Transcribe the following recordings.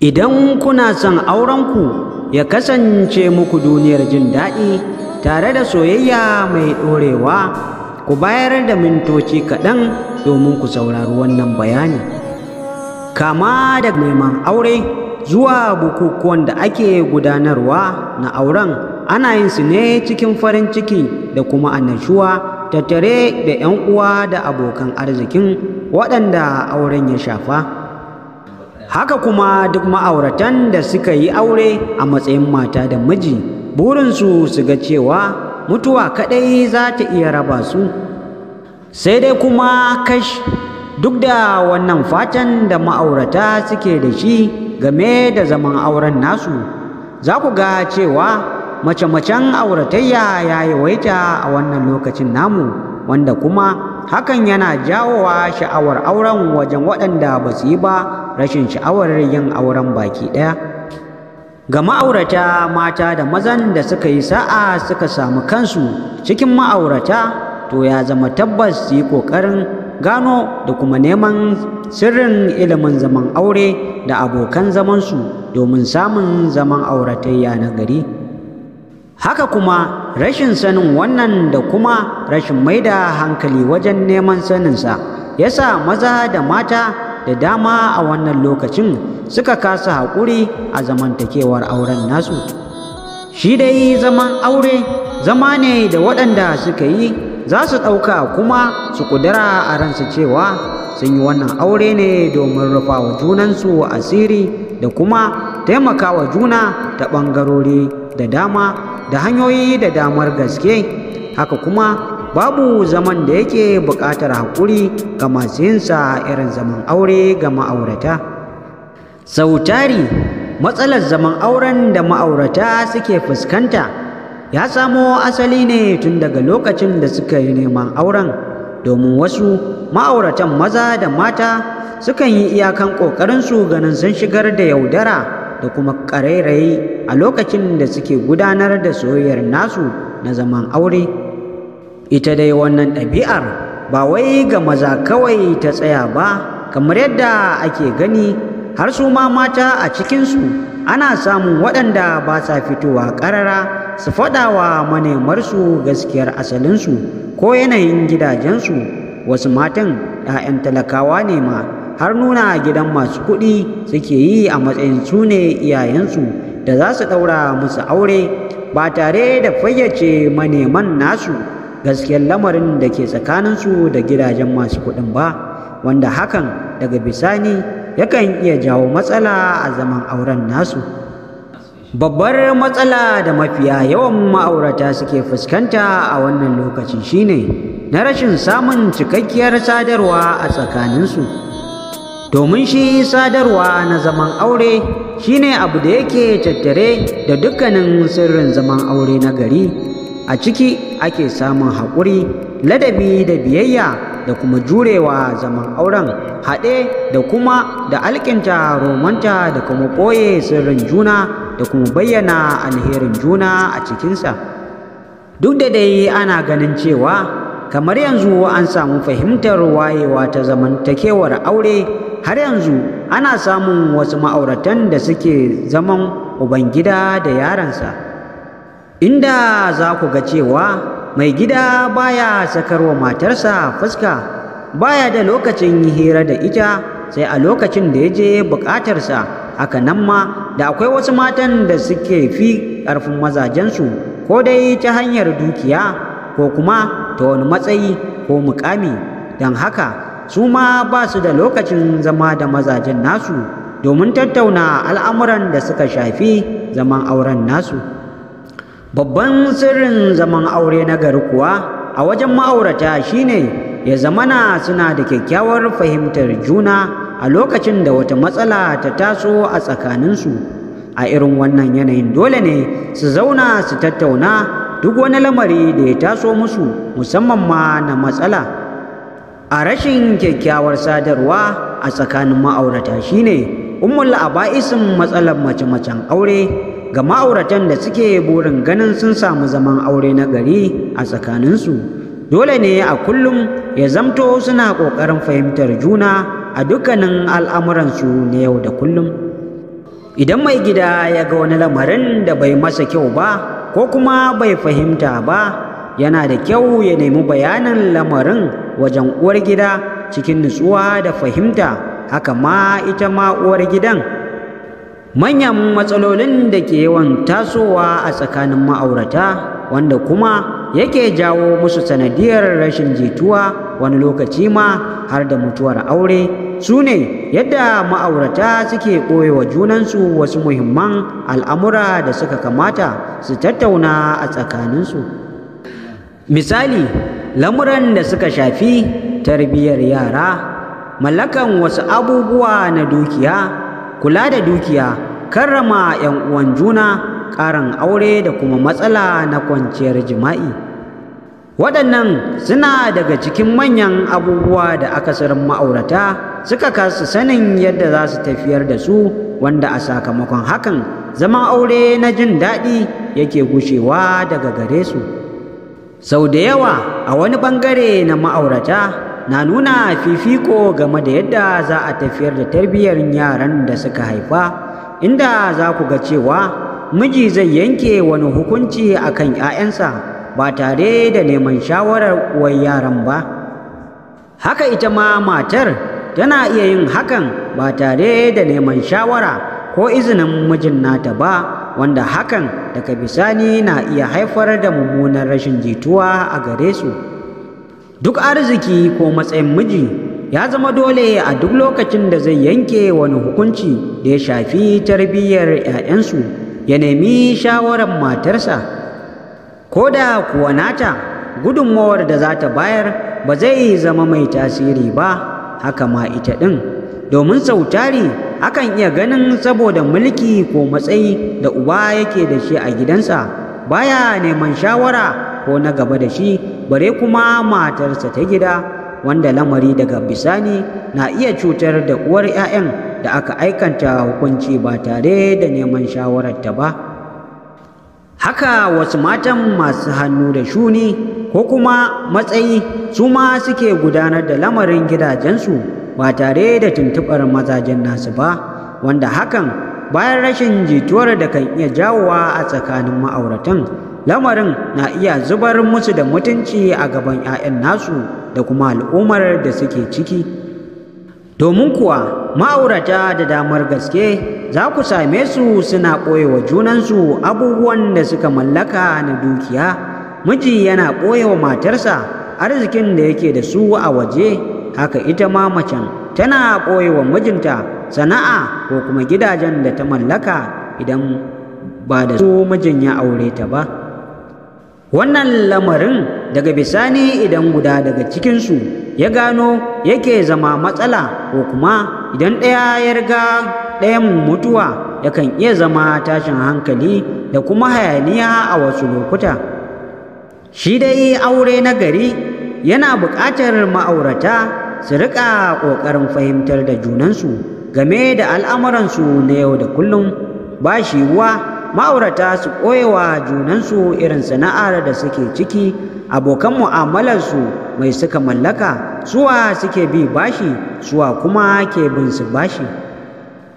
idan kuna son aurenku ya kasance muku duniyar jin daɗi tare da soyayya mai ɗorewa ku bayar da mintoci kaɗan domin ku saurari wannan bayani kama da neman aure zuwa bukukuwan da ake gudanarwa na auren ana yin su ne cikin farin ciki da kuma annashuwa tattare da 'yan uwa da abokan arzikin waɗanda auren ya shafa. haka kuma duk ma'auratan da suka yi aure a matsayin mata da miji burinsu su ga cewa mutuwa kaɗai za ta iya raba su sai dai kuma kash duk da wannan fatan da ma'aurata suke da shi game da zaman auren nasu za ku ga cewa mace-macen auratayya ya yawaita a wannan lokacin namu wanda kuma hakan yana jawowa sha'awar auren wajen waɗanda ba su yi ba rashin sha'awar yin auren baki ɗaya ga ma'aurata mata da mazan da suka yi sa'a suka samu kansu cikin ma'aurata to ya zama tabbas su yi ƙoƙarin gano da kuma neman sirrin ilimin zaman aure da abokan zamansu domin samun zaman auratayya na gari. haka kuma rashin sanin wannan da kuma rashin maida hankali wajen neman saninsa ya sa maza da mata da dama a wannan lokacin suka kasa haƙuri a zamantakewar auren nasu shi dai zaman aure zama ne da waɗanda suka yi za su ɗauka kuma su ƙudura a ransu cewa sun yi wannan aure ne domin rufa wa junansu asiri da kuma taimaka wa juna ta ɓangarori da dama da hanyoyi da damar gaske haka kuma babu zaman da yake buƙatar haƙuri ga masu yinsa irin zaman aure ga ma'aurata sautari matsalar zaman auren da ma'aurata suke fuskanta ya samo asali ne tun daga lokacin da suka yi neman auren domin wasu ma'auratan maza da mata sukan yi iyakan ƙoƙarinsu ganin sun shigar da yaudara da kuma ƙarairayi a lokacin da suke gudanar da soyayyar nasu na zaman aure ita dai wannan ɗabi'ar ba wai ga maza kawai ta tsaya ba kamar yadda ake gani har su ma mata a cikinsu ana samun waɗanda ba sa fitowa ƙarara su faɗa wa manemarsu gaskiyar asalinsu ko yanayin gidajensu wasu matan 'ya'yan talakawa ne ma har nuna gidan masu kuɗi suke yi a matsayin su ne iyayensu da za su ɗaura musu aure ba tare da fayyace maneman nasu gaskiyar lamarin da ke tsakaninsu da gidajen masu kuɗin ba wanda hakan daga bisani yakan iya jawo matsala a zaman auren nasu babbar matsala da mafiya yawan ma'aurata suke fuskanta a wannan lokaci shine na rashin samun cikakkiyar sadarwa a tsakaninsu domin shi sadarwa na zaman aure shine abu da yake tattare da dukkanin sirrin zaman aure na gari a ciki ake samun haƙuri ladabi da biyayya da kuma jurewa zaman auren haɗe da kuma da alkinta romanta da kuma ɓoye sirrin juna da kuma bayyana alherin juna a cikinsa duk da dai ana ganin cewa kamar yanzu an samu fahimtar wayewa ta zamantakewar aure har yanzu ana samun wasu ma'auratan da suke zaman ubangida da yaransa inda za ku ga cewa mai gida baya sakarwa matarsa fuska baya da lokacin hira da ita sai a lokacin da ya je bukatarsa haka nan ma da akwai wasu matan da suke fi ƙarfin mazajensu ko dai ta hanyar dukiya ko kuma ta wani matsayi ko mukami don haka su ma ba su da lokacin zama da mazajen nasu domin tattauna al'amuran da suka shafi zaman auren nasu babban sirrin zaman aure na gari kuwa a wajen ma'aurata shine ya zamana suna da kyakkyawar fahimtar juna a lokacin da wata matsala ta taso a tsakaninsu a irin wannan yanayin dole ne su zauna su tattauna duk wani lamari da ya taso musu musamman ma na matsala a rashin kyakkyawar sadarwa a tsakanin ma'aurata shine ummul aba'isin matsalar mace-macen aure ga ma'auratan da suke burin ganin sun samu zaman aure na gari a tsakaninsu dole ne a kullum ya zamto suna ƙoƙarin fahimtar juna a dukkanin al'amuransu na yau da kullum idan mai gida ya ga wani lamarin da bai masa kyau ba ko kuma bai fahimta ba yana da kyau ya nemi bayanin lamarin wajen uwar gida cikin nutsuwa da fahimta haka ma ita ma uwar gidan manyan matsalolin da ke yawan tasowa a tsakanin ma'aurata wanda kuma yake jawo musu sanadiyar rashin jituwa wani lokaci ma har da mutuwar aure su ne yadda ma'aurata suke ɓoyewa junansu wasu muhimman al'amura da suka kamata su tattauna a tsakaninsu. misali lamuran da suka shafi tarbiyyar yara mallakan wasu abubuwa na dukiya kula da dukiya karrama 'yan uwan juna ƙarin aure da kuma matsala na kwanciyar jima'i waɗannan suna daga cikin manyan abubuwa da akasarin ma'aurata suka kasa sanin yadda za su tafiyar da su wanda a sakamakon hakan zaman aure na jin daɗi yake gushewa daga gare su. sau da yawa a wani bangare na ma'aurata na nuna fifiko game da yadda za a tafiyar da tarbiyyar yaran da suka haifa inda za ku ga cewa miji zai yanke wani hukunci a kan 'ya'yansa ba tare da neman shawarar uwar yaran ba haka ita ma matar tana iya yin hakan ba tare da neman shawara ko izinin mijin nata ba wanda hakan daga bisani na iya haifar da mummunan rashin jituwa a gare su duk arziki ko matsayin miji ya zama dole a duk lokacin da zai yanke wani hukunci da ya shafi tarbiyyar 'ya'yansu ya nemi shawarar matarsa ko da kuwa nata gudunmawar da za ta bayar ba zai zama mai tasiri ba haka ma ita ɗin domin sautari akan iya ganin saboda mulki ko matsayi da uba yake da shi a gidansa baya neman shawara ko na gaba da shi bare kuma matarsa ta gida wanda lamari daga bisani na iya cutar da uwar 'ya'yan da aka aikanta hukunci ba tare da neman shawararta ba haka wasu matan masu hannu da shuni ko kuma matsayi su ma suke gudanar da lamarin gidajensu ba tare da tuntuɓar mazajen nasu ba wanda hakan bayan rashin jituwar da kan iya jawowa a tsakanin ma'auratan lamarin na iya zubar musu da mutunci a gaban 'ya'yan nasu da kuma al'ummar da suke ciki domin kuwa ma'aurata da damar gaske za ku same su suna ɓoye wa junansu abubuwan da suka mallaka na dukiya miji yana ɓoye wa matarsa arzikin da yake da su a waje haka ita ma macen tana ɓoyewa mijinta sana'a ko kuma gidajen da ta mallaka idan ba da su mijin ya aure ta ba wannan lamarin daga bisani idan guda daga cikinsu ya gano yake zama matsala ko kuma idan ɗaya ya riga ɗayan mutuwa yakan iya zama tashin hankali da kuma hayaniya a wasu lokuta shi dai aure na gari yana buƙatar ma'aurata su riƙa ƙoƙarin fahimtar da junansu game da al'amuransu na yau da kullum ba shi ma'aurata su koyewa junansu irin sana'ar da suke ciki abokan mu'amalarsu mai suka mallaka suwa suke bi bashi suwa kuma ke bin su bashi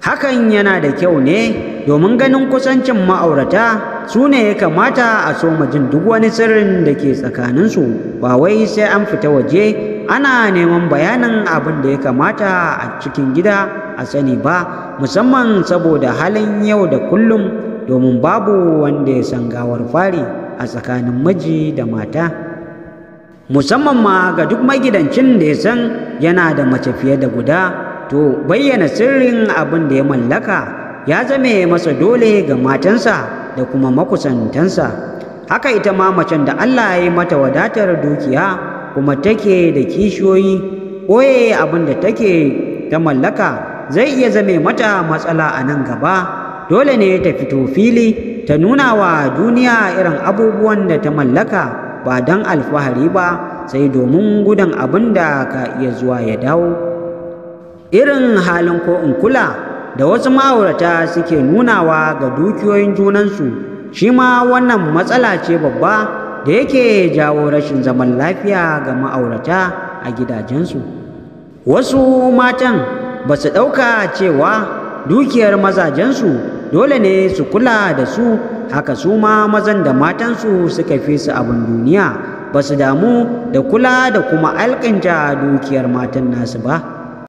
hakan yana da kyau ne domin ganin kusancin ma'aurata su ne ya kamata a so jin duk wani sirrin da ke tsakaninsu ba wai sai an fita waje ana neman bayanin abin da ya kamata a cikin gida a sani ba musamman saboda halin yau da kullum domin babu wanda ya san gawar fari a tsakanin miji da mata musamman ma ga duk magidancin da ya san yana da mace fiye da guda to bayyana sirrin abin da ya mallaka ya zame masa dole ga matansa da kuma makusantansa haka ita ma macen da Allah ya yi mata wadatar dukiya kuma take da kishiyoyi ɓoye abin da take ta mallaka zai iya zame mata matsala a nan gaba dole ne ta fito fili ta nuna wa duniya irin abubuwan da ta mallaka ba don alfahari ba sai domin gudun abin da ka iya zuwa ya dawo irin halin ko in kula da wasu ma'aurata suke nunawa ga dukiyoyin junansu shi ma wannan matsala ce babba da yake jawo rashin zaman lafiya ga ma'aurata a gidajensu wasu matan ba su ɗauka cewa dukiyar mazajensu dole ne su kula da su haka su ma mazan da matansu suka fi su abin duniya ba su damu da kula da kuma alƙinta dukiyar matan nasu ba